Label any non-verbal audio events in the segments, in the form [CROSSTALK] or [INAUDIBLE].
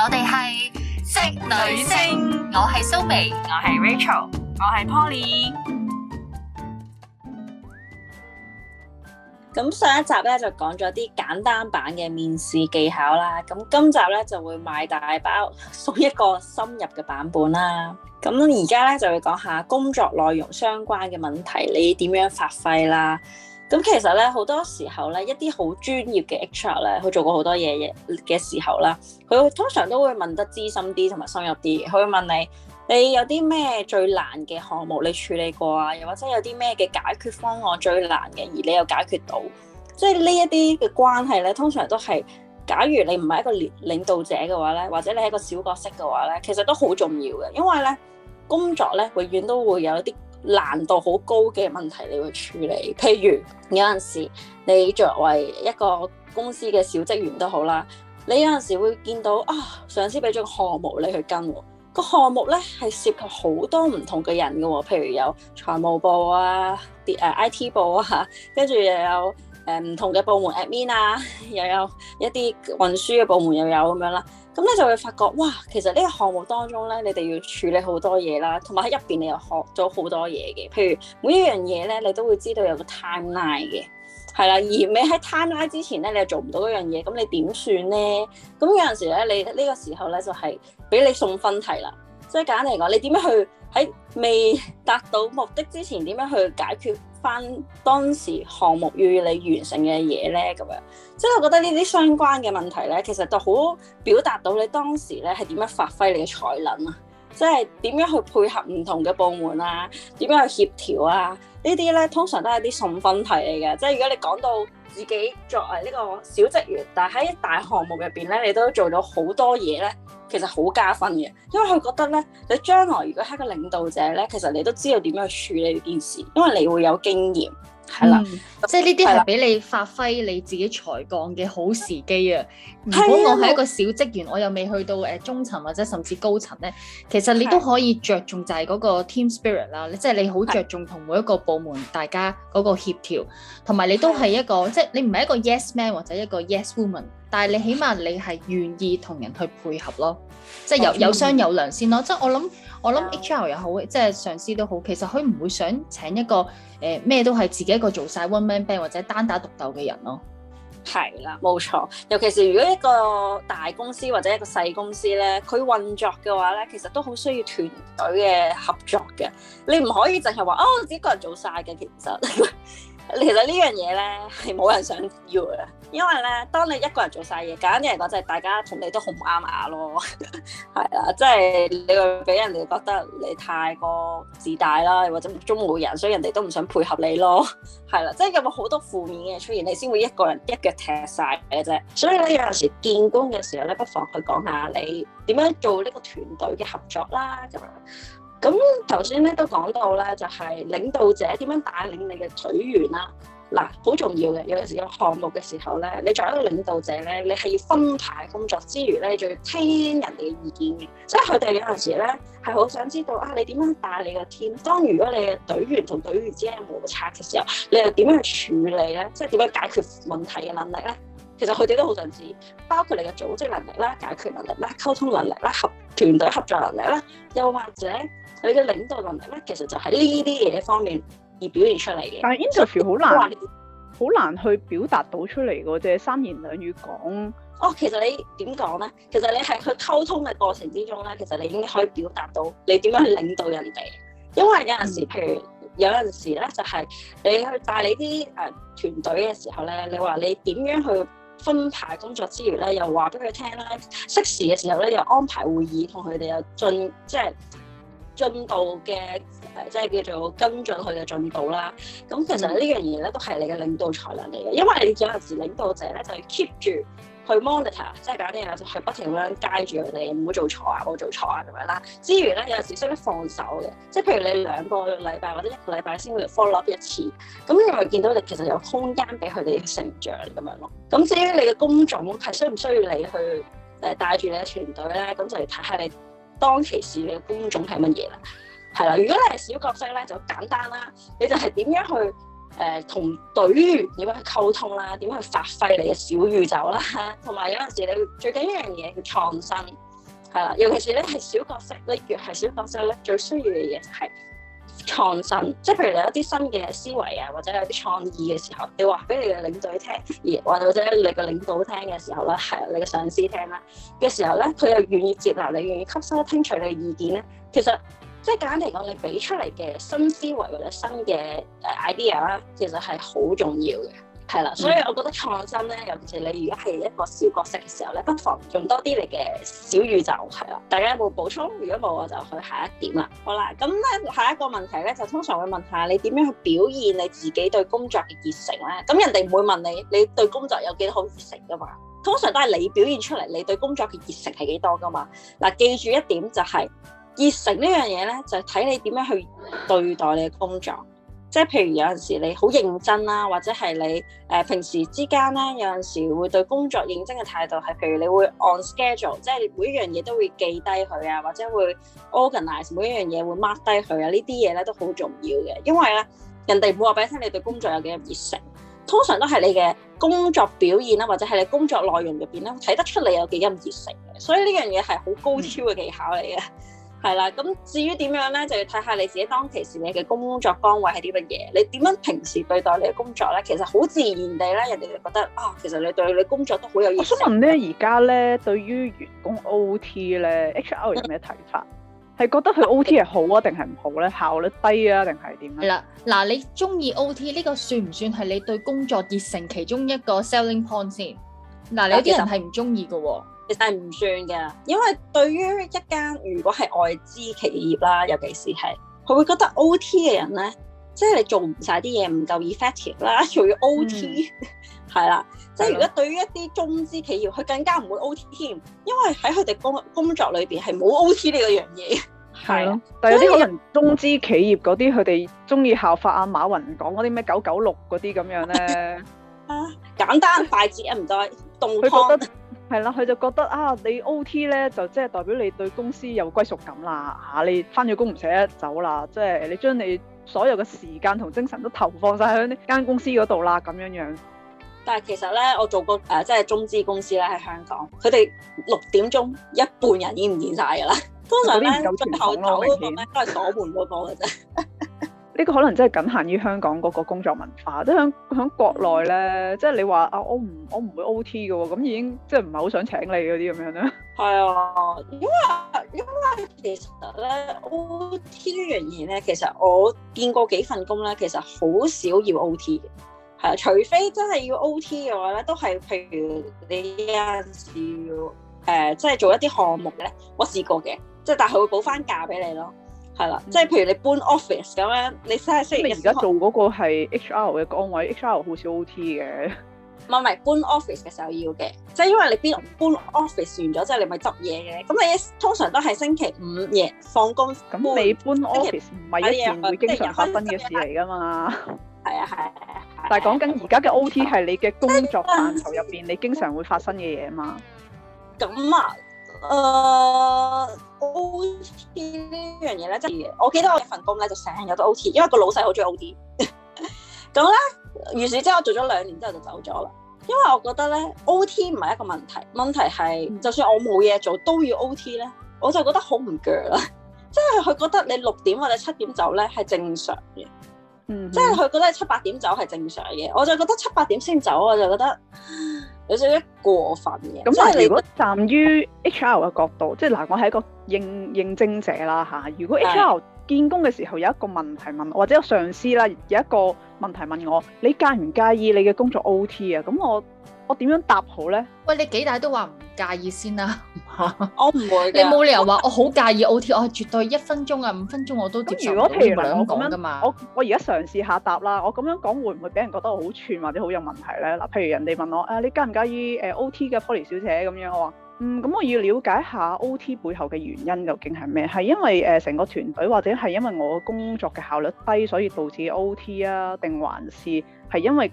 我哋係職女聲，女性我係蘇眉，我係 Rachel，我係 Poly。咁上一集咧就講咗啲簡單版嘅面試技巧啦。咁今集咧就會賣大包，送一個深入嘅版本啦。咁而家咧就會講下工作內容相關嘅問題，你點樣發揮啦？咁其實咧，好多時候咧，一啲好專業嘅 HR 咧，佢做過好多嘢嘅時候啦，佢通常都會問得資深啲同埋深入啲，佢會問你，你有啲咩最難嘅項目你處理過啊？又或者有啲咩嘅解決方案最難嘅，而你又解決到？即係呢一啲嘅關係咧，通常都係，假如你唔係一個領領導者嘅話咧，或者你係一個小角色嘅話咧，其實都好重要嘅，因為咧，工作咧永遠都會有一啲，難度好高嘅問題，你會處理。譬如有陣時，你作為一個公司嘅小職員都好啦，你有陣時會見到啊、哦，上司俾咗個項目你去跟喎，個項目咧係涉及好多唔同嘅人嘅喎，譬如有財務部啊，啲誒 IT 部啊，跟住又有誒唔同嘅部門 admin 啊，又有一啲運輸嘅部門又有咁樣啦。咁咧就會發覺，哇！其實呢個項目當中咧，你哋要處理好多嘢啦，同埋喺入邊你又學咗好多嘢嘅。譬如每一樣嘢咧，你都會知道有個 timeline 嘅，係啦。而未喺 timeline 之前咧，你又做唔到一樣嘢，咁你點算咧？咁有陣時咧，你呢個時候咧就係俾你送分題啦。所以簡單嚟講，你點樣去喺未達到目的之前，點樣去解決？關當時項目要你完成嘅嘢咧，咁樣，即係我覺得呢啲相關嘅問題咧，其實就好表達到你當時咧係點樣發揮你嘅才能啊，即係點樣去配合唔同嘅部門啊，點樣去協調啊，呢啲咧通常都係啲送分題嚟嘅，即係如果你講到。自己作為呢個小職員，但喺大項目入邊咧，你都做咗好多嘢咧，其實好加分嘅，因為佢覺得咧，你將來如果係一個領導者咧，其實你都知道點樣去處理呢件事，因為你會有經驗。係啦、嗯，即係呢啲係俾你發揮你自己才幹嘅好時機啊！如果我係一個小職員，我又未去到誒中層或者甚至高層咧，其實你都可以着重就係嗰個 team spirit 啦，你即係你好着重同每一個部門大家嗰個協調，同埋的你都係一個的即係你唔係一個 yes man 或者一個 yes woman。但係你起碼你係願意同人去配合咯，即係有有商有量先咯。即係我諗我諗 HR 又好，即係上司都好，其實佢唔會想請一個誒咩、呃、都係自己一個做晒 one man band 或者單打獨鬥嘅人咯。係啦，冇錯。尤其是如果一個大公司或者一個細公司咧，佢運作嘅話咧，其實都好需要團隊嘅合作嘅。你唔可以淨係話哦，自己個人做晒嘅其實。 [LAUGHS] 其實呢樣嘢咧係冇人想要嘅，因為咧，當你一個人做晒嘢，簡單啲嚟講就係大家同你都好唔啱牙咯，係 [LAUGHS] 啦，即係你會俾人哋覺得你太過自大啦，或者目中無人，所以人哋都唔想配合你咯，係啦，即係有冇好多負面嘅出現，你先會一個人一腳踢晒嘅啫。所以咧，有陣時見工嘅時候咧，不妨去講下你點樣做呢個團隊嘅合作啦，咁樣。咁頭先咧都講到咧，就係、是、領導者點樣帶領你嘅隊員啦、啊。嗱，好重要嘅。有陣時有項目嘅時候咧，你作為一個領導者咧，你係要分派工作之餘咧，仲要聽人哋嘅意見嘅。即係佢哋有陣時咧係好想知道啊，你點樣帶你個 team？當如果你嘅隊員同隊員之間有摩擦嘅時候，你又點樣處理咧？即係點樣解決問題嘅能力咧？其實佢哋都好想知，包括你嘅組織能力啦、解決能力啦、溝通能力啦、合團隊合作能力啦，又或者，你嘅領導能力咧，其實就喺呢啲嘢方面而表現出嚟嘅。但係 interview 好難，好難去表達到出嚟嘅，即係三言兩語講。哦，其實你點講咧？其實你係去溝通嘅過程之中咧，其實你已經可以表達到你點樣去領導人哋。因為有陣時，嗯、譬如有陣時咧，就係你去帶你啲誒團隊嘅時候咧，你話你點樣去分派工作之餘咧，又話俾佢聽啦，適時嘅時候咧，又安排會議同佢哋又進即係。進度嘅、呃，即係叫做跟進佢嘅進度啦。咁其實呢樣嘢咧，都係你嘅領導才能嚟嘅，因為有陣時領導者咧，就要 keep 住去 monitor，即係搞啲嘢就係不停咁樣 guide 住佢哋，唔好做錯啊，冇做錯啊咁樣啦。之餘咧，有陣時需要放手嘅，即係譬如你兩個禮拜或者一個禮拜先會 follow up 一次，咁你咪見到你其實有空間俾佢哋成長咁樣咯。咁至於你嘅工種係需唔需要你去誒帶住你嘅團隊咧？咁就嚟睇下你。當其時你嘅觀眾係乜嘢啦？係啦，如果你係小角色咧，就簡單啦，你就係點樣去誒同、呃、隊員點樣去溝通啦，點樣去發揮你嘅小宇宙啦，同埋有陣時你最緊要一樣嘢叫創新，係啦，尤其是咧係小角色咧，越係小角色咧最需要嘅嘢就係、係。創新，即係譬如你有啲新嘅思維啊，或者有啲創意嘅時候，你話俾你嘅領隊聽，而或者你嘅領導聽嘅時候啦，係你嘅上司聽啦嘅時候咧，佢又願意接納你，願意吸收、聽取你嘅意見咧，其實即係簡單嚟講，你俾出嚟嘅新思維或者新嘅 idea 啦，其實係好重要嘅。係啦，所以我覺得創新咧，尤其是你如果係一個小角色嘅時候咧，不妨用多啲你嘅小宇宙，係啦。大家有冇補充？如果冇，我就去下一點啦。好啦，咁咧下一個問題咧，就通常會問下你點樣去表現你自己對工作嘅熱誠咧？咁人哋唔會問你你對工作有幾多熱誠噶嘛，通常都係你表現出嚟你對工作嘅熱誠係幾多噶嘛。嗱，記住一點就係熱誠呢樣嘢咧，就係睇你點樣去對待你嘅工作。即係譬如有陣時你好認真啦，或者係你誒、呃、平時之間咧，有陣時會對工作認真嘅態度係，譬如你會 on schedule，即係每一樣嘢都會記低佢啊，或者會 organize 每一樣嘢會 mark 低佢啊，呢啲嘢咧都好重要嘅，因為咧人哋唔會話俾你聽你對工作有幾咁熱誠，通常都係你嘅工作表現啦，或者係你工作內容入邊咧睇得出你有幾咁熱誠嘅，所以呢樣嘢係好高超嘅技巧嚟嘅。 [LAUGHS] 係啦，咁至於點樣咧，就要睇下你自己當其時你嘅工作崗位係啲乜嘢，你點樣平時對待你嘅工作咧？其實好自然地咧，人哋就覺得啊、哦，其實你對你工作都好有熱心。我想問咧，而家咧對於員工 O T 咧，H R 有咩睇法？係 [LAUGHS] 覺得佢 O T 係好啊，定係唔好咧？效率低啊，定係點樣？係啦，嗱，你中意 O T 呢個算唔算係你對工作熱誠其中一個 selling point 先？嗱，你有啲人係唔中意嘅喎。其實係唔算嘅，因為對於一間如果係外資企業啦，尤其是係佢會覺得 O T 嘅人咧，即係你做唔晒啲嘢，唔夠 effective 啦，要 O T 係啦。即係、嗯、 [LAUGHS] 的如果對於一啲中資企業，佢更加唔會 O T 添，因為喺佢哋工工作裏邊係冇 O T 呢個樣嘢。係咯，但係有啲可能中資企業嗰啲佢哋中意效法阿、啊、馬雲講嗰啲咩九九六嗰啲咁樣咧。啊， [LAUGHS] 簡單快捷啊，唔該，凍 [LAUGHS] 係啦，佢就覺得啊，你 O T 咧就即係代表你對公司有歸屬感啦嚇、啊，你返咗工唔捨得走啦，即係你將你所有嘅時間同精神都投放晒喺呢間公司嗰度啦，咁樣樣。但係其實咧，我做過誒、呃、即係中資公司咧喺香港，佢哋六點鐘一半人已經唔見晒噶啦，通常咧最後頭嗰、那個咧都係鎖門嗰個嘅啫。 [LAUGHS] 呢個可能真係僅限於香港嗰個工作文化，即係響響國內咧，即係你話啊，我唔我唔會 O T 嘅喎，咁已經即係唔係好想請你嗰啲咁樣咧？係啊，因為因為其實咧 O T 呢樣嘢咧，其實我見過幾份工咧，其實好少要 O T 嘅，係啊，除非真係要 O T 嘅話咧，都係譬如你有陣時要誒、呃，即係做一啲項目咧，我試過嘅，即係但係會補翻假俾你咯。係啦，即係譬如你搬 office 咁樣，你即係你而家做嗰個係 HR 嘅崗位，HR 好少 OT 嘅。唔係唔係，搬 office 嘅時候要嘅，即係因為你邊搬 office 完咗之後，你咪執嘢嘅。咁你通常都係星期五夜放工。咁你搬 office 唔係一件會經常發生嘅事嚟噶嘛，係啊係。但係講緊而家嘅 OT 係你嘅工作範疇入邊，你經常會發生嘅嘢嘛？咁啊。誒、uh, O T 呢樣嘢咧，即係我記得我份工咧就成日有得 O T，因為個老細好中意 O T。咁 [LAUGHS] 咧，於是之後我做咗兩年之後就走咗啦，因為我覺得咧 O T 唔係一個問題，問題係就算我冇嘢做都要 O T 咧，我就覺得好唔攰啦。即係佢覺得你六點或者七點走咧係正常嘅，嗯、mm，即係佢覺得七八點走係正常嘅，我就覺得七八點先走我就覺得。有少少過分嘅。咁但係如果站於 HR 嘅角度，即係嗱，我係一個應應徵者啦嚇。如果 HR 見工嘅時候有一個問題問，或者有上司啦有一個問題問我，你介唔介意你嘅工作 OT 啊？咁我我點樣答好咧？喂，你幾大都話唔介意先啦，我唔會。你冇理由話我好介意 O T，我絕對一分鐘啊，五分鐘我都。咁如果譬如我咁樣，我我而家嘗試下答啦。我咁樣講會唔會俾人覺得我好串或者好有問題咧？嗱，譬如人哋問我啊，你介唔介意誒 O T 嘅 Poly 小姐咁樣，我話嗯，咁我要了解下 O T 背後嘅原因究竟係咩？係因為誒成個團隊或者係因為我工作嘅效率低，所以導致 O T 啊？定還是係因為？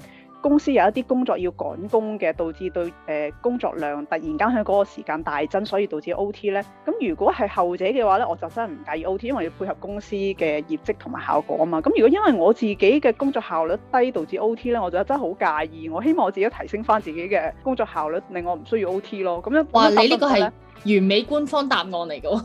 公司有一啲工作要趕工嘅，導致對誒工作量突然間喺嗰個時間大增，所以導致 O T 咧。咁如果係後者嘅話呢，我就真係唔介意 O T，因為要配合公司嘅業績同埋效果啊嘛。咁如果因為我自己嘅工作效率低導致 O T 呢，我就真係好介意。我希望我自己提升返自己嘅工作效率，令我唔需要 O T 咯。咁樣話哇你呢個係完美官方答案嚟㗎喎，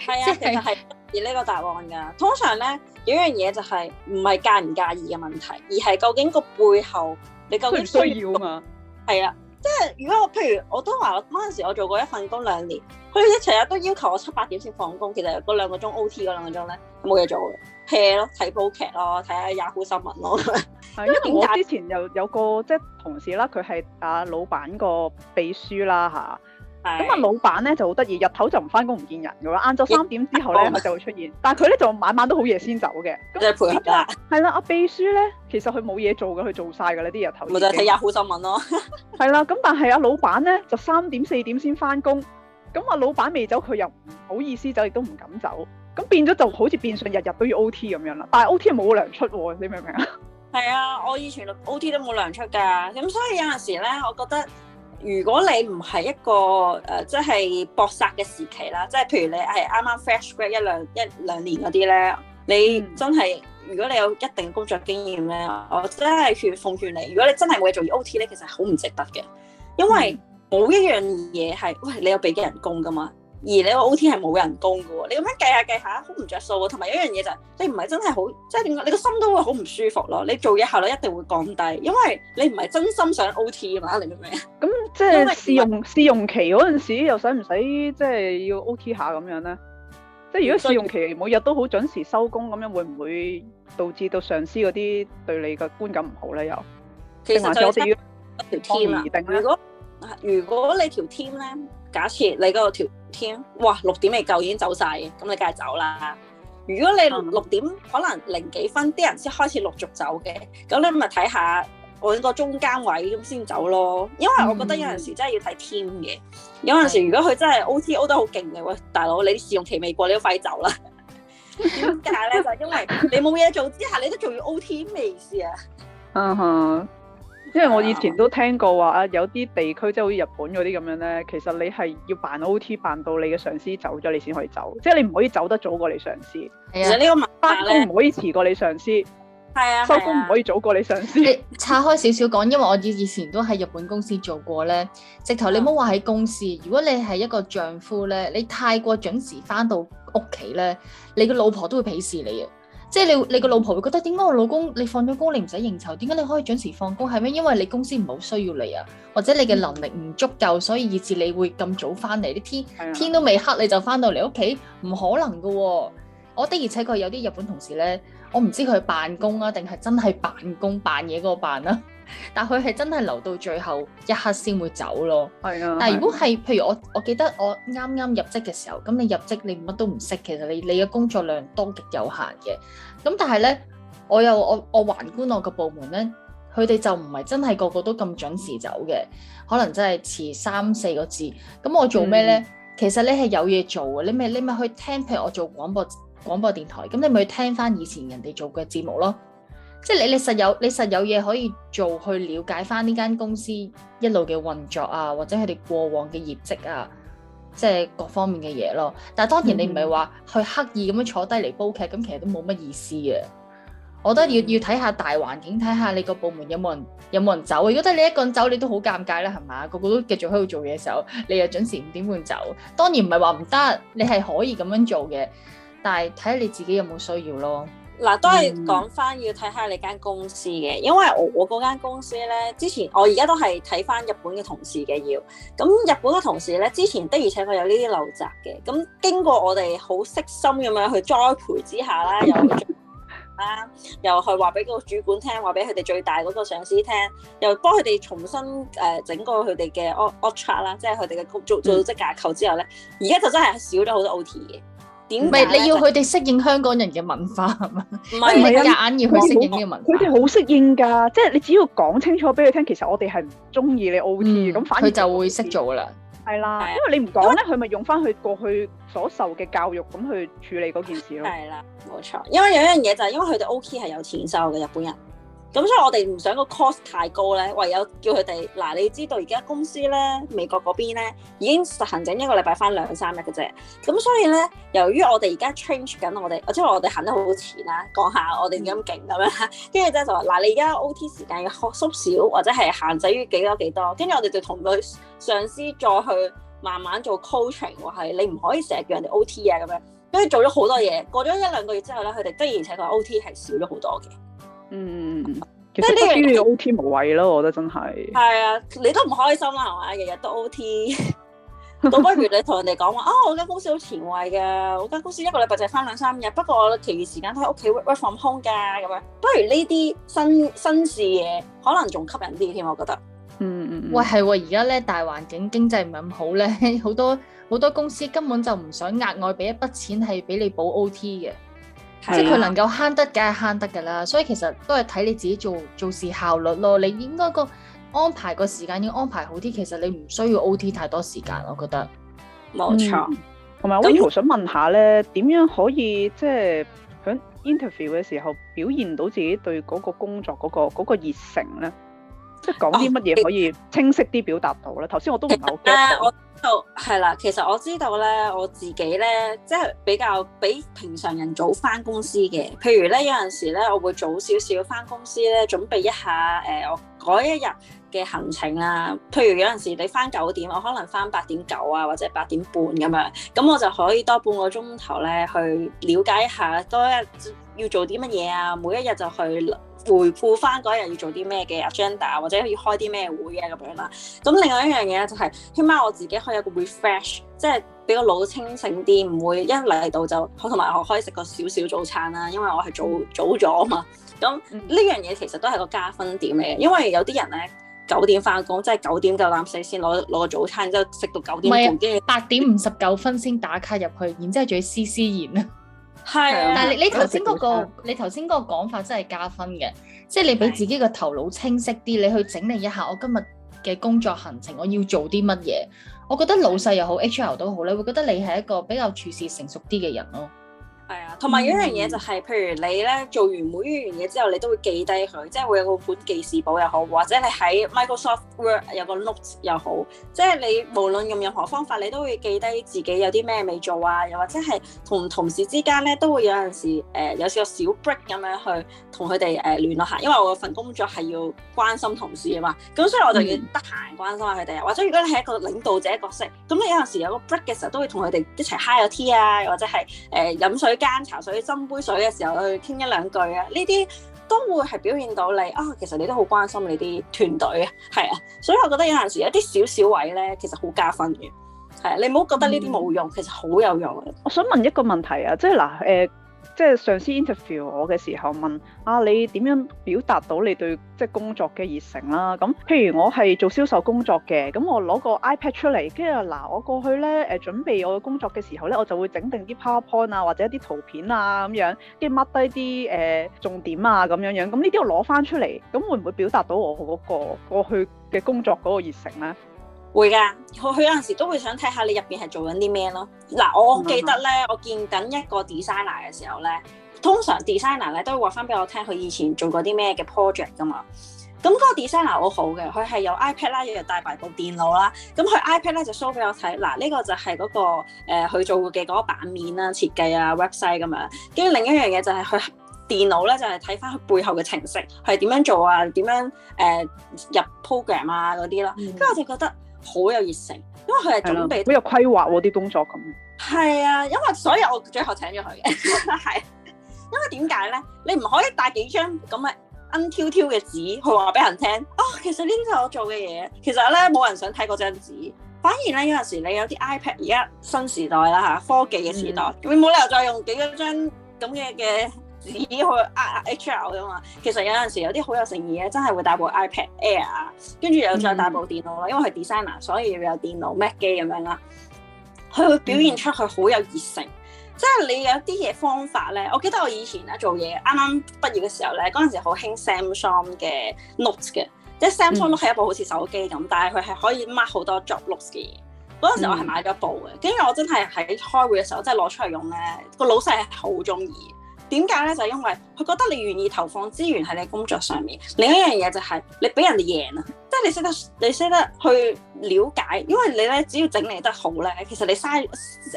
係 [LAUGHS] 啊，其實係而呢個答案㗎。通常呢，有一樣嘢就係唔係介唔介意嘅問題，而係究竟個背後。你究竟需要,要嘛？係啊，即係如果我譬如我都話我嗰陣時我做過一份工兩年，佢哋一成日都要求我七八點先放工，其實嗰兩個鐘 OT 嗰兩個鐘咧冇嘢做嘅 hea 咯，睇煲劇咯，睇下 Yahoo 新聞咯。因為我之前又有,有個即係同事啦，佢係啊老闆個秘書啦嚇。啊咁啊，嗯、是老闆咧就好得意，日頭就唔翻工唔見人噶啦，晏晝三點之後咧佢就會出現。 [LAUGHS] 但係佢咧就晚晚都好夜先走嘅。咁 [LAUGHS] 就陪佢啦。係啦， [LAUGHS] 阿、啊、秘書咧其實佢冇嘢做嘅，佢做晒噶啦啲日頭。咪就係睇日好新聞咯。係啦，咁但係阿老闆咧就三點四點先翻工。咁啊、 [LAUGHS] 嗯，老闆未走，佢又唔好意思走，亦都唔敢走。咁變咗就好似變相日日都要 O T 咁樣啦。但係 O T 冇糧出，你明唔明啊？係 [LAUGHS] 啊，我以前 O T 都冇糧出噶。咁所以有陣時咧，我覺得。如果你唔係一個誒，即係搏殺嘅時期啦，即係譬如你係啱啱 fresh grad 一兩一兩年嗰啲咧，你真係如果你有一定工作經驗咧，我真係勸奉勸你，如果你真係冇嘢做 OT 咧，其實好唔值得嘅，因為冇一樣嘢係，喂、哎，你有俾嘅人工㗎嘛？而你個 O T 係冇人工嘅喎，你咁樣計下計下，好唔着數喎。同埋一樣嘢就係，就是、你唔係真係好，即係點解？你個心都會好唔舒服咯。你做嘢效率一定會降低，因為你唔係真心想 O T 啊嘛，你明唔明啊？咁即係試用為試用期嗰陣時，又使唔使即係要 O T 下咁樣咧？即係如果試用期每日都好準時收工，咁樣會唔會導致到上司嗰啲對你嘅觀感唔好咧？又，其實我哋要一條 team 定如。如果如果你條 team 咧。假設你嗰條 team，哇六點未夠已經走晒，嘅，咁你梗係走啦。如果你六點 [MUSIC] 可能零幾分啲人先開始陸續走嘅，咁你咪睇下揾個中間位咁先走咯。因為我覺得有陣時真係要睇 team 嘅，有陣時如果佢真係 O T O 得好勁嘅，喂大佬你啲試用期未過，你都快走啦。點解咧？ [LAUGHS] 就因為你冇嘢做之下，你都仲要 O T 咩事啊？嗯哼。 [MUSIC] [MUSIC] 因為我以前都聽過話啊，有啲地區即係好似日本嗰啲咁樣咧，其實你係要辦 OT 辦到你嘅上司走咗，你先可以走，即係你唔可以走得早過你上司。係啊，呢個文化咧，返工唔可以遲過你上司，收工唔可以早過你上司。你岔開少少講，因為我以以前都喺日本公司做過咧，直頭你唔好話喺公司，嗯、如果你係一個丈夫咧，你太過準時返到屋企咧，你嘅老婆都會鄙視你啊。即係你，你個老婆會覺得，點解我老公你放咗工，你唔使應酬，點解你可以準時放工係咩？因為你公司唔好需要你啊，或者你嘅能力唔足夠，所以以致你會咁早翻嚟。啲天天都未黑你就翻到嚟屋企，唔可能噶喎。我的而且確有啲日本同事咧，我唔知佢係辦公啊，定係真係辦公辦嘢嗰個辦啊。但佢係真係留到最後一刻先會走咯。係啊，但係如果係譬如我，我記得我啱啱入職嘅時候，咁你入職你乜都唔識，其實你你嘅工作量都極有限嘅。咁但係咧，我又我我，我橫觀我個部門咧，佢哋就唔係真係個個都咁準時走嘅，可能真係遲三四個字。咁我做咩咧？嗯，其實你係有嘢做嘅，你咪你咪去聽，譬如我做廣播廣播電台，咁你咪去聽翻以前人哋做嘅節目咯。即係你，你實有你實有嘢可以做，去了解返呢間公司一路嘅運作啊，或者佢哋過往嘅業績啊，即係各方面嘅嘢咯。但係當然你唔係話去刻意咁樣坐低嚟煲劇，咁其實都冇乜意思嘅。我覺得要要睇下大環境，睇下你個部門有冇人有冇人走。如果得你一個人走，你都好尷尬啦，係咪？個個都繼續喺度做嘢時候，你又準時五點半走。當然唔係話唔得，你係可以咁樣做嘅，但係睇下你自己有冇需要咯。嗱，都係講翻要睇下你間公司嘅。因為我我嗰間公司咧，之前我而家都係睇翻日本嘅同事嘅要，咁日本嘅同事咧，之前的而且確有呢啲陋習嘅，咁經過我哋好悉心咁樣去栽培之下啦，又啊， [LAUGHS] 又去話俾個主管聽，話俾佢哋最大嗰個上司聽，又幫佢哋重新誒整個佢哋嘅 org chart 啦，呃、Ultra，即係佢哋嘅工組組織架構之後咧，而家 [LAUGHS] 就真係少咗好多 OT 嘅。唔係，你要佢哋適應香港人嘅文化係嘛？唔係夾硬要佢適應呢個文化，佢哋好適應㗎。即係你只要講清楚俾佢聽，其實我哋係唔中意你 OT，咁反而佢就會識做啦。係啦了，了因為你唔講咧，佢咪為用翻佢過去所受嘅教育咁去處理嗰件事咯。係啦，冇錯，因為有一樣嘢就係、是、因為佢哋 OT 係有錢收嘅日本人。咁所以我哋唔想個 cost 太高咧，唯有叫佢哋嗱，你知道而家公司咧美國嗰邊咧已經實行整一個禮拜翻兩三日嘅啫。咁所以咧，由於我哋而家 change 緊，我哋、我哋即係我哋行得好好前啦、啊，講下我哋咁勁咁樣，跟住即係就話嗱、啊，你而家 O T 時間要縮少，或者係限制於幾多幾多，跟住我哋就同佢上司再去慢慢做 coaching，話係你唔可以成日叫人哋 O T 啊咁樣，跟住做咗好多嘢，過咗一兩個月之後咧，佢哋的而且確 O T 係少咗好多嘅。嗯，即係呢 O T 無謂咯，些我覺得真係。係啊，你都唔開心啦，係嘛？日日都 O T，倒 [LAUGHS] 不如你同人哋講話， [LAUGHS] 哦，我間公司好前衛噶，我間公司一個禮拜就翻兩三日，不過我其餘時間都喺屋企 work w o from home 噶，咁樣。不如呢啲新新事嘢，可能仲吸引啲添，我覺得。嗯嗯，嗯喂，係喎，而家咧大環境經濟唔係咁好咧，好多好多公司根本就唔想額外俾一筆錢係俾你補 O T 嘅。即係佢能夠慳得，梗係慳得㗎啦。所以其實都係睇你自己做做事效率咯。你應該個安排個時間應該安排好啲。其實你唔需要 OT 太多時間，我覺得。冇錯。同埋、嗯，我好想問下咧，點樣可以即係喺 interview 嘅時候表現到自己對嗰個工作嗰個嗰個熱誠咧？即係講啲乜嘢可以清晰啲表達到咧？頭先我都唔係好 get 到。誒，我就係啦。其實我知道咧，我自己咧，即係比較比平常人早翻公司嘅。譬如咧，有陣時咧，我會早少少翻公司咧，準備一下誒、呃，我嗰一日嘅行程啦、啊。譬如有陣時你翻九點，我可能翻八點九啊，或者八點半咁樣。咁我就可以多半個鐘頭咧，去了解一下多一日要做啲乜嘢啊。每一日就去。回顧翻嗰日要做啲咩嘅 agenda 啊，或者要開啲咩會嘅咁樣啦。咁另外一樣嘢就係、是，起碼我自己可以有個 refresh，即係比較腦清醒啲，唔會一嚟到就同埋我，我可以食個少少早餐啦，因為我係早早咗啊嘛。咁呢、嗯、樣嘢其實都係個加分點嚟嘅，因為有啲人咧九點翻工，即係九點夠膽死先攞攞個早餐，之後食到九點半，跟住八點五十九分先打卡入去，然之後仲要黐黐鹽啊！ [LAUGHS] 係，但係你、嗯、你頭先嗰個，嗯、你頭先嗰個講法真係加分嘅，即係你俾自己個頭腦清晰啲，你去整理一下我今日嘅工作行程，我要做啲乜嘢？我覺得老細又好的，HR 都好，你會覺得你係一個比較處事成熟啲嘅人咯、哦。係啊，同埋、嗯、有一樣嘢就係、是，譬如你咧做完每一件嘢之後，你都會記低佢，即係會有個本記事簿又好，或者你喺 Microsoft Word 有個 Notes 又好，即係你無論用任何方法，你都會記低自己有啲咩未做啊，又或者係同同事之間咧都會有陣時誒、呃、有少少小 break 咁樣去同佢哋誒聯絡下，因為我份工作係要關心同事啊嘛，咁所以我就要得閒關心下佢哋，嗯、或者如果你係一個領導者角色，咁你有陣時有個 break 嘅時候都會同佢哋一齊 high 個 tea 啊，或者係誒、呃、飲水。間茶水斟杯水嘅時候去傾一兩句啊，呢啲都會係表現到你啊、哦，其實你都好關心你啲團隊啊，係啊，所以我覺得有陣時一啲少少位咧，其實好加分嘅，係啊，你唔好覺得呢啲冇用，嗯、其實好有用嘅。我想問一個問題啊，即係嗱誒。呃即係上司 interview 我嘅時候問啊，你點樣表達到你對即係工作嘅熱誠啦、啊？咁譬如我係做銷售工作嘅，咁我攞個 iPad 出嚟，跟住嗱我過去咧誒、呃、準備我嘅工作嘅時候咧，我就會整定啲 PowerPoint 啊，或者一啲圖片啊咁樣，跟住 mark 低啲誒重點啊咁樣樣，咁呢啲我攞翻出嚟，咁會唔會表達到我嗰、那個過去嘅工作嗰個熱誠咧？會㗎，佢佢有陣時都會想睇下你入邊係做緊啲咩咯。嗱，我記得咧，mm hmm. 我見緊一個 designer 嘅時候咧，通常 designer 咧都會話翻俾我聽，佢以前做過啲咩嘅 project 噶嘛。咁嗰個 designer 好好嘅，佢係有 iPad 啦，日日帶埋部電腦啦。咁佢 iPad 咧就 show 俾我睇，嗱呢個就係嗰、嗰個佢、呃、做嘅嗰個版面啦、啊、設計啊、website 咁樣。跟住另一樣嘢就係、是、佢電腦咧，就係睇翻佢背後嘅程式係點樣做啊，點樣誒、呃、入 program 啊嗰啲咯。跟住我就覺得。好有熱誠，因為佢係準備好有規劃喎啲工作咁。係啊，因為所以我最後請咗佢嘅，係因為點解咧？你唔可以帶幾張咁嘅 n 鈎鈎嘅紙去話俾人聽哦，其實呢啲係我做嘅嘢，其實咧冇人想睇嗰張紙，反而咧有陣時你有啲 iPad 而家新時代啦嚇科技嘅時代，你冇理由再用幾多張咁嘅嘅。只去壓壓 H R 㗎嘛。其實有陣時有啲好有誠意嘅，真係會帶部 iPad Air 啊，跟住又再帶部電腦咯。嗯、因為係 designer，所以要有電腦 Mac 機咁樣啦。佢會表現出佢好有熱誠，嗯、即係你有啲嘢方法咧。我記得我以前咧做嘢，啱啱畢業嘅時候咧，嗰陣時好興 Samsung 嘅 Notes 嘅，即係 Samsung Note 係一部好似手機咁，嗯、但係佢係可以 mark 好多 job notes 嘅嘢。嗰陣時我係買咗部嘅，跟住我真係喺開會嘅時候真係攞出嚟用咧。個老細好中意。點解咧？就因為佢覺得你願意投放資源喺你工作上面。另一樣嘢就係你俾人哋贏啊！即係你識得你識得去了解，因為你咧只要整理得好咧，其實你嘥誒、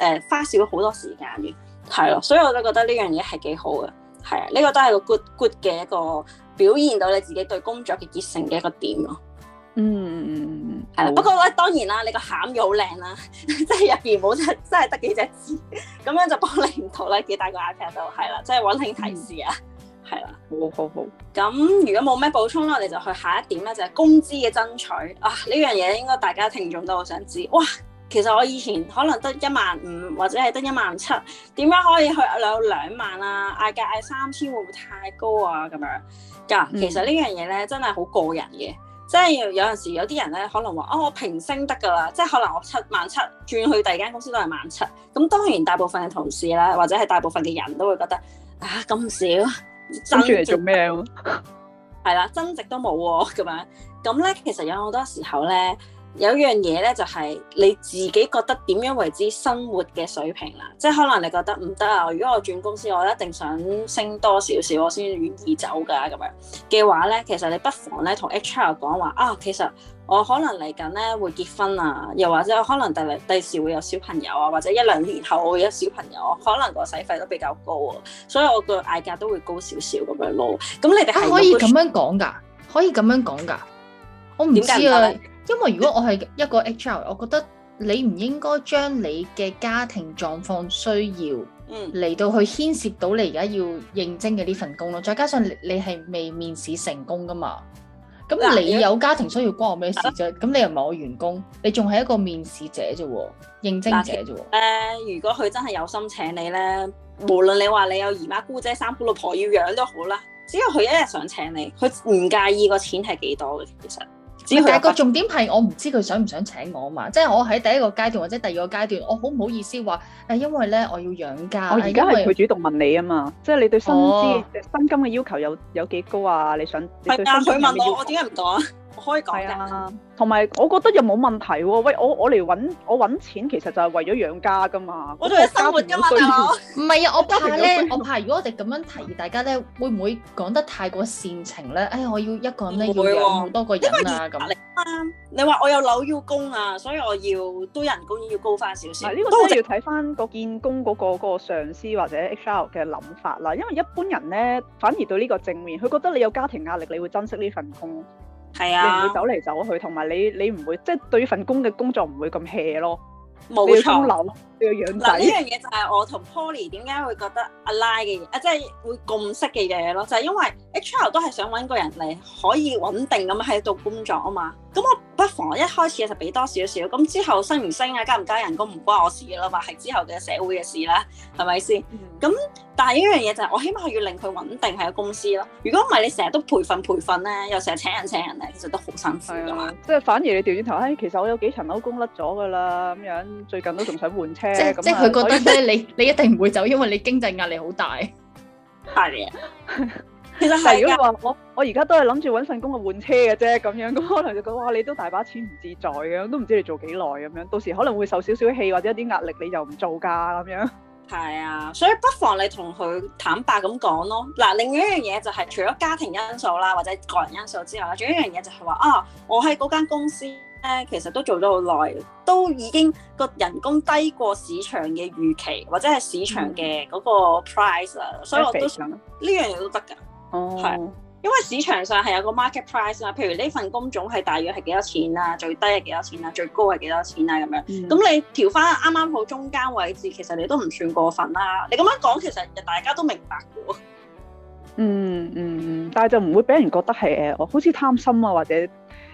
呃、花少好多時間嘅，係咯。所以我都覺得呢樣嘢係幾好嘅，係啊！呢個都係個 good good 嘅一個表現到你自己對工作嘅熱誠嘅一個點咯。嗯。不過咧，當然啦，你餡、啊、 [LAUGHS] 個餡又好靚啦，即係入邊冇真真係得幾隻字，咁樣就幫你唔到啦。幾大個、iPad 就係啦，即係溫馨提示啊，係啦、嗯的，好好好。咁如果冇咩補充咧，我哋就去下一點咧，就係、是、工資嘅爭取啊。呢樣嘢應該大家聽眾都好想知，哇，其實我以前可能得一萬五或者係得一萬七，點解可以去有兩萬啊？嗌價嗌三千會唔會太高啊？咁樣噶，嗯、其實呢樣嘢咧真係好個人嘅。即係有陣時有啲人咧，可能話哦，我平升得㗎啦，即係可能我七萬七轉去第二間公司都係萬七，咁當然大部分嘅同事咧，或者係大部分嘅人都會覺得啊咁少，爭住嚟做咩喎？係 [LAUGHS] [LAUGHS] 啦，增值都冇喎、啊，咁樣咁咧，其實有好多時候咧。有一樣嘢咧，就係你自己覺得點樣為之生活嘅水平啦，即係可能你覺得唔得啊！如果我轉公司，我一定想升多少少，我先願意走噶。咁樣嘅話咧，其實你不妨咧同 HR 講話啊，其實我可能嚟緊咧會結婚啊，又或者可能第第時會有小朋友啊，或者一兩年後我會有小朋友，可能個使費都比較高啊，所以我個嗌價都會高少少咁樣咯。咁你哋可以咁樣講噶，可以咁樣講噶，我唔知啊。因為如果我係一個 HR，我覺得你唔應該將你嘅家庭狀況需要嚟，嗯、到去牽涉到你而家要應徵嘅呢份工咯。再加上你係未面試成功噶嘛，咁你有家庭需要關我咩事啫？咁，啊、你又唔係我員工，你仲係一個面試者啫，應徵者啫。誒、呃，如果佢真係有心請你咧，無論你話你有姨媽姑姐三姑六婆要養都好啦，只要佢一日想請你，佢唔介意個錢係幾多嘅，其實。但係個重點係，我唔知佢想唔想請我嘛？即係我喺第一個階段或者第二個階段，我好唔好意思話誒，因為咧，我要養家。我而家係佢主動問你啊嘛，為即係你對薪資、薪金嘅要求有有幾高啊？你想？係，但佢問我，我點解唔講？可以講嘅，同埋、啊、我覺得又冇問題喎、啊。喂，我我嚟揾我揾錢，其實就係為咗養家噶嘛。我仲有家庭嘅需要。唔係啊，我怕 [LAUGHS] 我怕如果我哋咁樣提議大家咧，會唔會講得太過煽情咧？哎我要一個人咧、啊、要養好多個人啊咁。啊樣你話我有樓要供啊，所以我要都有人工要高翻少少。呢個都要睇翻個見工嗰、嗰個嗰個上司或者 HR 嘅諗法啦。因為一般人咧，反而對呢個正面，佢覺得你有家庭壓力，你會珍惜呢份工。係啊，你唔會走嚟走去，同埋你你唔會即係對份工嘅工作唔會咁 hea 咯。冇錯，你要養嗱呢樣嘢就係我同 Poly 點解會覺得阿拉嘅嘢，啊即係會咁識嘅嘢咯，就係、是、因為 HR 都係想揾個人嚟可以穩定咁喺度工作啊嘛。咁我不妨一開始就俾多少少，咁之後升唔升啊，加唔加人工唔關我事啦嘛，係之後嘅社會嘅事啦，係咪先？咁、嗯、但係呢樣嘢就係我起碼係要令佢穩定喺公司咯。如果唔係你成日都培訓培訓咧，又成日請人請人咧，其實都好辛苦㗎嘛。啊、即係反而你調轉頭，嘿、哎，其實我有幾層樓供甩咗噶啦咁樣。最近都仲使換車，即係即係佢覺得咧，你 [LAUGHS] 你一定唔會走，因為你經濟壓力好大，係啊，其實係咯，如果話，我我而家都係諗住搵份工去換車嘅啫，咁樣咁可能就講話，你都大把錢唔自在嘅，都唔知你做幾耐咁樣，到時可能會受少少氣或者一啲壓力，你就唔做噶咁樣，係啊，所以不妨你同佢坦白咁講咯。嗱，另外一樣嘢就係、是、除咗家庭因素啦，或者個人因素之外啦，仲有一樣嘢就係、是、話啊，我喺嗰間公司。咧，其實都做咗好耐，都已經個人工低過市場嘅預期，或者係市場嘅嗰個 price 啦。嗯、所以我都想呢樣嘢都得㗎。哦，係，因為市場上係有個 market price 啊。譬如呢份工種係大約係幾多錢啊？最低係幾多錢啊？最高係幾多錢啊？咁樣，咁、嗯、你調翻啱啱好中間位置，其實你都唔算過分啦。你咁樣講，其實大家都明白喎、嗯。嗯嗯，但係就唔會俾人覺得係誒，我好似貪心啊，或者。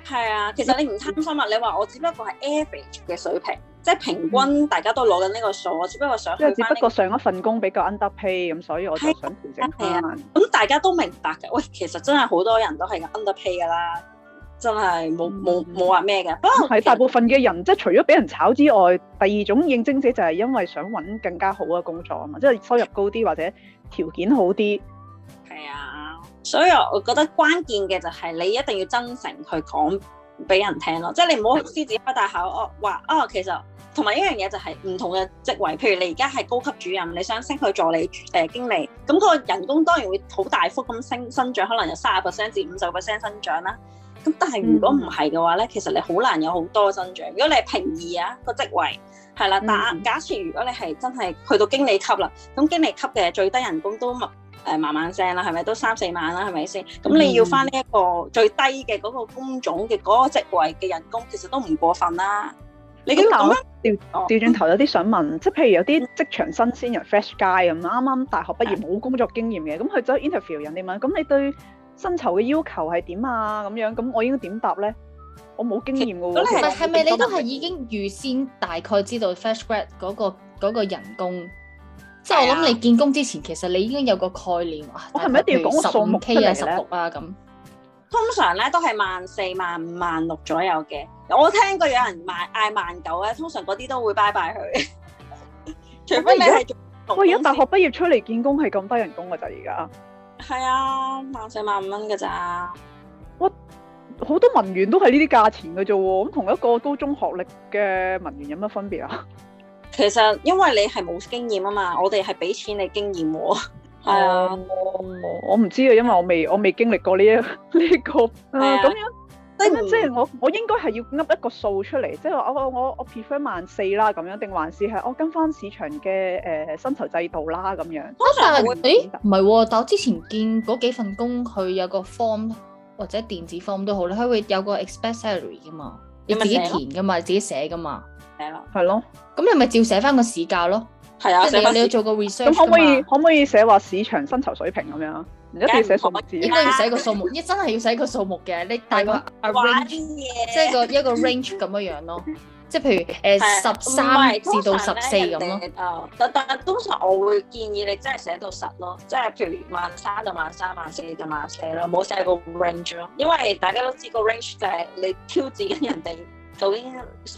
係啊，其實你唔貪心啊。你話我只不過係 average 嘅水平，即係平均大家都攞緊呢個數，我只不過想去。即係只不過上一份工比較 under pay，咁、嗯、所以我就想調整翻。under pay 啊咁、啊嗯、大家都明白嘅。喂，其實真係好多人都係 under pay 噶啦，真係冇冇冇話咩嘅。係是實大部分嘅人，即係除咗俾人炒之外，第二種應徵者就係因為想揾更加好嘅工作啊嘛，即係收入高啲或者條件好啲。係啊。所以我覺得關鍵嘅就係你一定要真誠去講俾人聽咯，即係你唔好獅子開大口，話哦，其實同埋一樣嘢就係唔同嘅職位，譬如你而家係高級主任，你想升去助理誒經理，咁嗰個人工當然會好大幅咁升增長，可能有三十 percent 至五十 percent 增長啦。咁但係如果唔係嘅話咧，嗯、其實你好難有好多增長。如果你係平移啊個職位，係啦，但假設如果你係真係去到經理級啦，咁經理級嘅最低人工都誒慢慢升啦，係咪都三四萬啦，係咪先？咁你要翻呢一個最低嘅嗰個工種嘅嗰個職位嘅人工，其實都唔過分啦。你咁講，調調轉頭有啲想問，嗯、即係譬如有啲職場新鮮人 fresh guy 咁，啱啱大學畢業冇、嗯、工作經驗嘅，咁佢走去 interview 人哋問，咁你對薪酬嘅要求係點啊？咁樣咁我應該點答咧？我冇經驗嘅喎。咁唔係係咪你都係已，已經預先大概知道 fresh grad 嗰個嗰、嗰個人工？即係我諗你見工之前，其實你已經有個概念。我係咪一定要講個數目嘅？咁通常咧都係萬四、萬五、萬六左右嘅。我聽過有人賣嗌萬九咧，通常嗰啲都會拜拜佢。除非你係，哇！而家大學畢業出嚟見工係咁低人工噶咋？而家係啊，萬四萬五蚊噶咋？哇！好多文員都係呢啲價錢噶咋？咁同一個高中學歷嘅文員有乜分別啊？其實因為你係冇經驗啊嘛，我哋係俾錢你經驗喎。係啊我，嗯、我我唔知啊，因為我未我未經歷過呢一呢個。啊、這個，咁麼樣即係、嗯、我我應該係要噏一個數出嚟，即、就、係、是、我我我,我 prefer 萬四啦，咁樣定還是係我跟返市場嘅誒薪酬制度啦，咁樣。但係誒唔係喎，欸、但我之前見嗰幾份工佢有個 form 或者電子 form 都好啦，佢會有個 expected salary 噶嘛，你自己填噶嘛，自己寫噶嘛。係咯，咁你咪照寫翻個市價咯。係啊，你你要做個 research，咁可唔可以？可唔可以寫話市場薪酬水平咁樣？一定要寫數目字，應該要寫個數目，你真係要寫個數目嘅。你帶個 range，即係個一個 range 咁樣樣咯。即係譬如誒十三至到十四咁咯。啊，但但係通常我會建議你真係寫到實咯，即係譬如萬三就萬三，萬四就萬四咯，冇寫個 range 咯。因為大家都知個 range 就係你挑戰人哋。究竟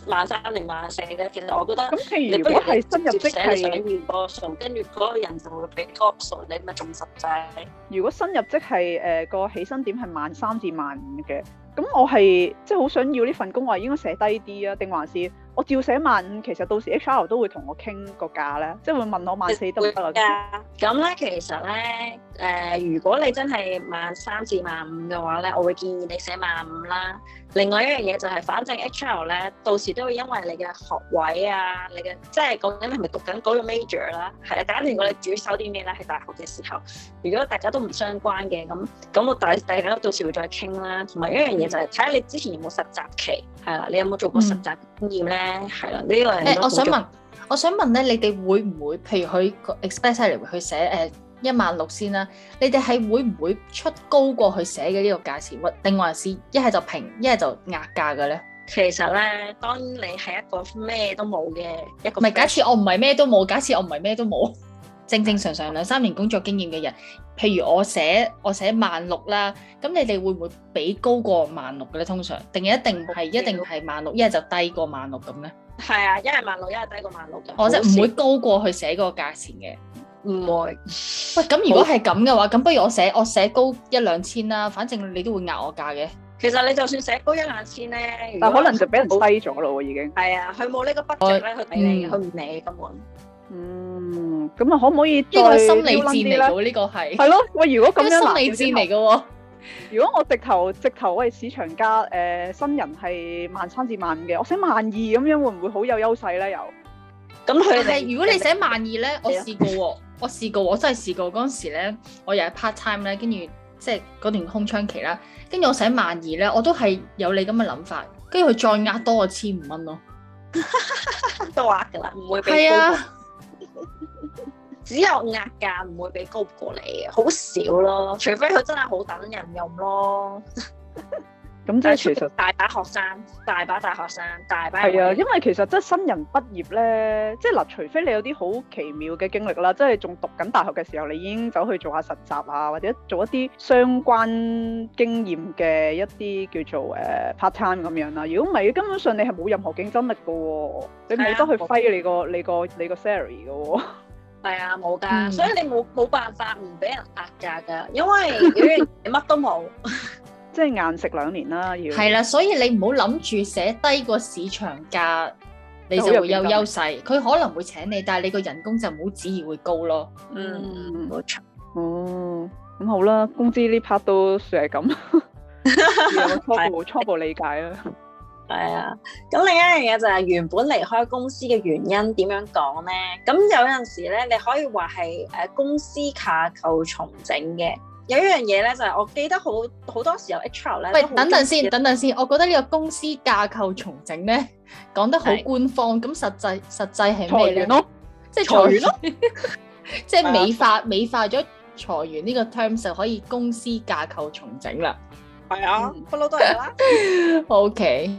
萬三定萬四咧？其實我覺得，咁譬如如果係新入職係想要嗰個數，跟住嗰個人就會俾嗰個數，你咪仲實際。如果新入職係誒個起薪點係萬三至萬五嘅，咁我係即係好想要呢份工，我應該寫低啲啊？定還是我照寫萬五？其實到時 HR 都會同我傾個價咧，即係會問我萬四得唔得㗎？咁咧，其實咧。誒，如果你真係萬三至萬五嘅話咧，我會建議你寫萬五啦。另外一樣嘢就係，反正 HR 咧，到時都會因為你嘅學位啊，你嘅即係講緊你係咪讀緊嗰個 major 啦，係啊，大家連我哋主修啲咩咧？喺大學嘅時候，如果大家都唔相關嘅，咁咁我大第日到時會再傾啦、啊。同埋一樣嘢就係睇下你之前有冇實習期，係啦，你有冇做過實習經驗咧？係啦、嗯，呢個誒、欸，我想問，我想問咧，你哋會唔會譬如去 expect 去寫誒？一萬六先啦，你哋係會唔會出高過佢寫嘅呢個價錢，定還是一係就平，一係就壓價嘅咧？其實咧，當你你係一個咩都冇嘅一個。唔係，假設我唔係咩都冇，假設我唔係咩都冇，正正常常兩三年工作經驗嘅人，譬如我寫我寫萬六啦，咁你哋會唔會比高過萬六嘅咧？通常定係一定係一定係萬六，一係就低過萬六咁咧？係啊，一係萬六，一係低過萬六嘅。我即係唔會高過佢寫嗰個價錢嘅。唔會喂，咁如果係咁嘅話，咁不如我寫我寫高一兩千啦，反正你都會壓我價嘅。其實你就算寫高一兩千咧，但可能就俾人低咗咯，已經係啊，佢冇呢個 budget 咧，佢睇你，佢唔理根本。嗯，咁啊，可唔可以？呢個係心理戰嚟嘅，呢個係係咯。喂，如果咁樣，心理戰嚟嘅。如果我直頭直頭喂市場價，誒，新人係萬三至萬五嘅，我寫萬二咁樣，會唔會好有優勢咧？又咁佢係如果你寫萬二咧，我試過。我試過，我真係試過嗰陣時咧，我又係 part time 咧，跟住即係嗰段空窗期啦，跟住我寫萬二咧，我都係有你咁嘅諗法，跟住佢再壓多我千五蚊咯， [LAUGHS] 都壓噶啦，唔會俾高過，係啊， [LAUGHS] 只有壓價，唔會俾高過你嘅，好少咯，除非佢真係好等人用咯。咁即係其實大把學生，大把大學生，大把係啊，因為其實即係新人畢業咧，即係嗱，除非你有啲好奇妙嘅經歷啦，即係仲讀緊大學嘅時候，你已經走去做下實習啊，或者做一啲相關經驗嘅一啲叫做誒 part time 咁樣啦。如果唔係，根本上你係冇任何競爭力㗎喎的 fight，你冇得去揮你個你個你個 salary 嘅喎。係啊 thời 分，冇 [LAUGHS] 㗎，所以你冇冇辦法唔俾人壓價㗎，因為 Infinite, [LAUGHS] 你乜都冇。 [LAUGHS] 即係硬食兩年啦，要係啦，所以你唔好諗住寫低個市場價，你就會有優勢。佢 [NOISE] 可能會請你，但係你個人工就唔好指意會高咯。嗯，冇錯。哦， [NOISE] 咁、嗯、好啦，工資呢 part 都算係咁 [LAUGHS] 初步， [LAUGHS] 初步初步理解啦。係 [LAUGHS] 啊，咁另一樣嘢就係原本離開公司嘅原因點樣講咧？咁有陣時咧，你可以話係誒公司架構重整嘅。有一樣嘢咧，就係我記得好好多時候 HR 咧，喂，等等先，等等先，我覺得呢個公司架構重整咧，講得好官方，咁實際實際係咩咧？即係裁員咯，即係美化美化咗裁員呢個 terms 就可以公司架構重整啦。係啊，不嬲都係啦。OK。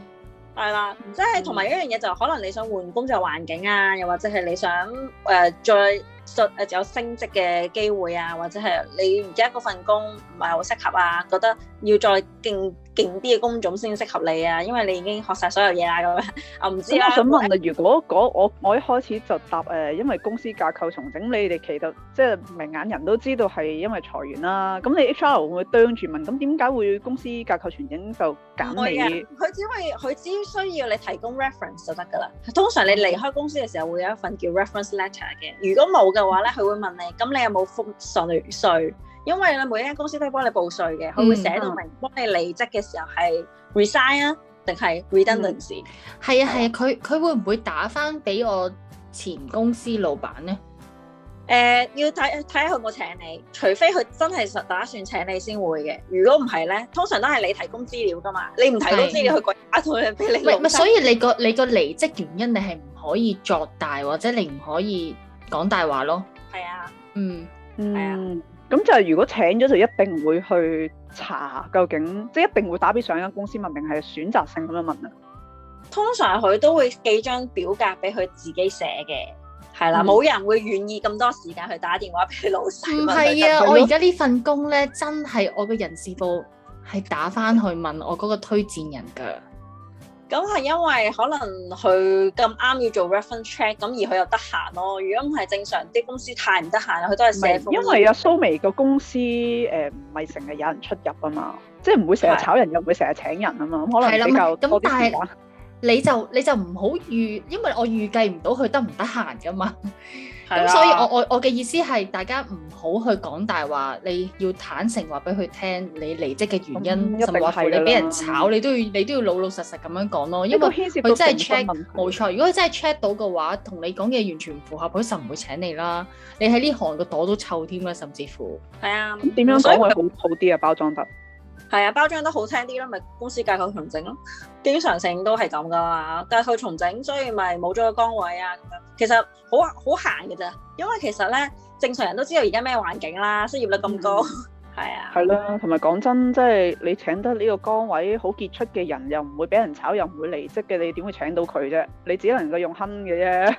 係啦，嗯、即係同埋一樣嘢就可能你想換工作環境啊，又或者係你想誒、呃、再誒、啊、有升職嘅機會啊，或者係你而家份工唔係好適合啊，覺得要再競勁啲嘅工種先適合你啊，因為你已經學晒所有嘢啦。咁我唔知啊。咁我想問啊，如果嗰我我一開始就答誒，因為公司架構重整，你哋其實即係明眼人都知道係因為裁員啦。咁你 HR 會唔會啄住問？咁點解會公司架構重整就揀你？佢只會，佢只需要你提供 reference 就得噶啦。通常你離開公司嘅時候會有一份叫 reference letter 嘅。如果冇嘅話咧，佢會問你，咁你有冇服稅稅？因為咧，每一間公司都幫你報稅嘅，佢會寫到明幫你離職嘅時候係 resign 啊，定係 redundancy？係、嗯、啊，係啊，佢佢、嗯、會唔會打翻俾我前公司老闆咧？誒、呃，要睇睇下佢有冇請你，除非佢真係實打算請你先會嘅。如果唔係咧，通常都係你提供資料噶嘛，你唔提供資料，佢鬼打到去俾你。所以你個你個離職原因，你係唔可以作大，或者你唔可以講大話咯。係啊，嗯，係啊。嗯。咁就係如果請咗就一定會去查究竟，即係一定會打俾上一間公司問，定係選擇性咁樣問啊？通常佢都會寄張表格俾佢自己寫嘅，係啦，冇、嗯、人會願意咁多時間去打電話俾老師。唔係啊，我而家呢份工咧，真係我個人事部係打翻去問我嗰個推薦人噶。咁係因為可能佢咁啱要做 reference check，咁而佢又得閒咯。如果唔係正常啲公司太唔得閒啦，佢都係寫封。因為阿蘇眉個公司誒，唔係成日有人出入啊嘛，即係唔會成日炒人的又唔會成日請人啊嘛，可能比較多啲時間。你就你就唔好預，因為我預計唔到佢得唔得閒㗎嘛。咁 [LAUGHS] 所以我我我嘅意思係，大家唔好去講大話。你要坦誠話俾佢聽，你離職嘅原因，嗯、甚至乎你俾人炒，嗯、你都要你都要老老實實咁樣講咯。因為佢真係 check，冇錯、嗯。如果佢真係 check 到嘅話，同你講嘅完全唔符合，佢實唔會請你啦。你喺呢行個朵都臭添啦，甚至乎。係啊、嗯，嗯、咁點樣講會？因為好好啲啊，包裝得。係啊，包裝得好聽啲咯，咪、就是、公司結構重整咯，經常性都係咁噶啦，但係佢重整，所以咪冇咗個崗位啊咁樣。其實好好閒嘅咋。因為其實咧，正常人都知道而家咩環境啦，失業率咁高，係、嗯、啊。係啦，同埋講真，即係你請得呢個崗位好傑出嘅人，又唔會俾人炒，又唔會離職嘅，你點會請到佢啫？你只能夠用坑嘅啫。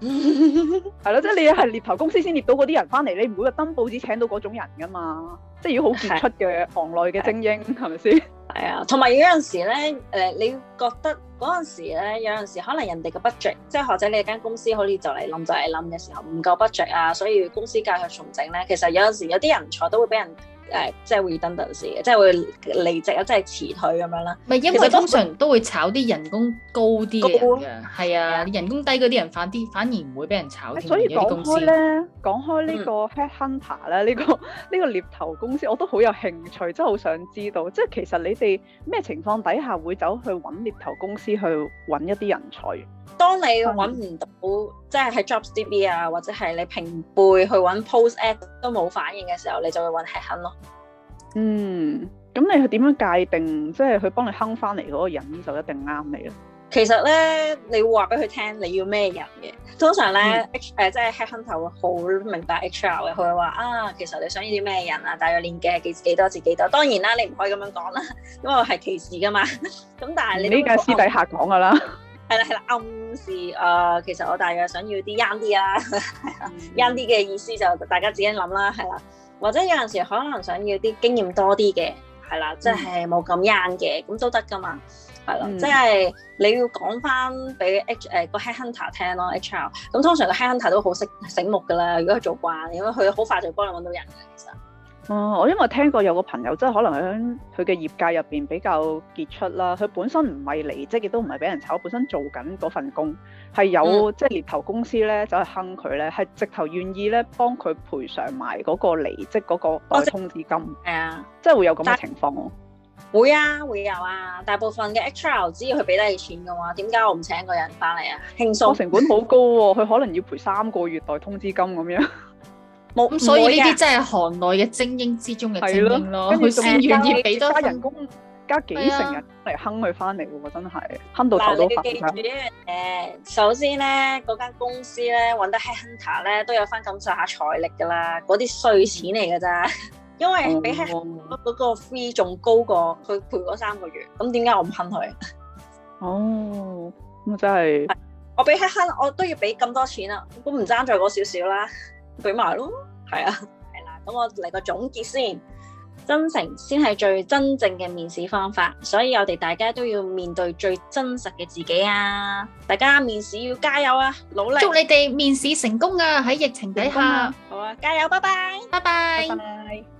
係咯，即係、 [LAUGHS] [LAUGHS] 就是、你係獵頭公司先獵到嗰啲人翻嚟，你唔會去登報紙請到嗰種人噶嘛，即係如果好傑出嘅行內嘅精英係咪先？係啊，同埋有陣時咧，誒、呃，你覺得嗰陣時咧，有陣時可能人哋嘅 budget，即係或者你間公司可以就嚟冧就嚟冧嘅時候唔夠 budget 啊，所以公司梗係去重整咧，其實有陣時有啲人坐都會俾人。誒，即係會 down d o 嘅，即係會離職啊，即係辭退咁樣啦。咪因為通常都會炒啲人工高啲嘅人㗎，係啊，人工低嗰啲人反啲，反而唔會俾人炒。所以講開咧，講開呢個 headhunter 咧、嗯呢個呢、呢個獵頭公司我都好有興趣，真係好想知道，即係其實你哋咩情況底下會走去揾獵頭公司去揾一啲人才？當你揾唔到，的即係喺 Jobs DB 啊，或者係你平背去揾 Post Ad 都冇反應嘅時候，你就會揾 headhunter。嗯，咁你係點樣界定，即係佢幫你坑翻嚟嗰個人就一定啱你咧？其實咧，你話俾佢聽你要咩人嘅，通常咧誒，即係 headhunter 會好明白 H R 嘅，佢會話啊，其實你想要啲咩人啊，大約年紀係幾幾多至幾多？當然啦，你唔可以咁樣講啦，因為係歧視噶嘛。咁但係你呢個、嗯、私底下講噶啦，係啦係啦，暗示誒、呃，其實我大約想要啲 young 啲啦，young 啲嘅意思就大家自己諗啦，係啦。或者有陣時可能想要啲經驗多啲嘅，係啦，嗯、即係冇咁 young 嘅，咁都得噶嘛，係咯，嗯、即係你要講翻俾 H 誒、呃、個 Headhunter 聽咯，HR 咁通常個 Headhunter 都好識醒目㗎啦，如果佢做慣，如果佢好快就幫你揾到人其實。哦，我因為聽過有個朋友，即係可能喺佢嘅業界入邊比較傑出啦。佢本身唔係離職，亦都唔係俾人炒，本身做緊嗰份工，係有、嗯、即係獵頭公司咧走去坑佢咧，係、就係、直頭願意咧幫佢賠償埋嗰個離職嗰個代通知金。係、哦、啊，即係會有咁嘅情況咯。會啊，會有啊。大部分嘅 HR 只要佢俾得你錢嘅話，點解我唔請一個人翻嚟啊？輕鬆、哦、成本好高喎、啊，佢可能要賠三個月代通知金咁樣。 [LAUGHS] 冇咁沒、嗯、所以呢啲真係行內嘅精英之中嘅精英咯，佢先願意俾多人工加幾成人嚟坑佢翻嚟喎，真係坑到頭都白。但係要記住一樣嘢、呃、首先咧，嗰間公司咧揾得 head hunter 咧都有翻咁上下財力㗎啦，嗰啲碎錢嚟㗎咋，因為俾 head hunter 嗰個 fee 仲高過佢賠嗰三個月，咁點解我唔坑佢？哦，咁真係我俾 head hunter，我都要俾咁多錢啊，咁唔爭在嗰少少啦。俾埋咯，係啊，係啦，咁我嚟個總結先，真誠先係最真正嘅面試方法，所以我哋大家都要面對最真實嘅自己啊！大家面試要加油啊，努力！祝你哋面試成功啊！喺疫情底下，好啊，加油！拜拜，拜拜，拜拜。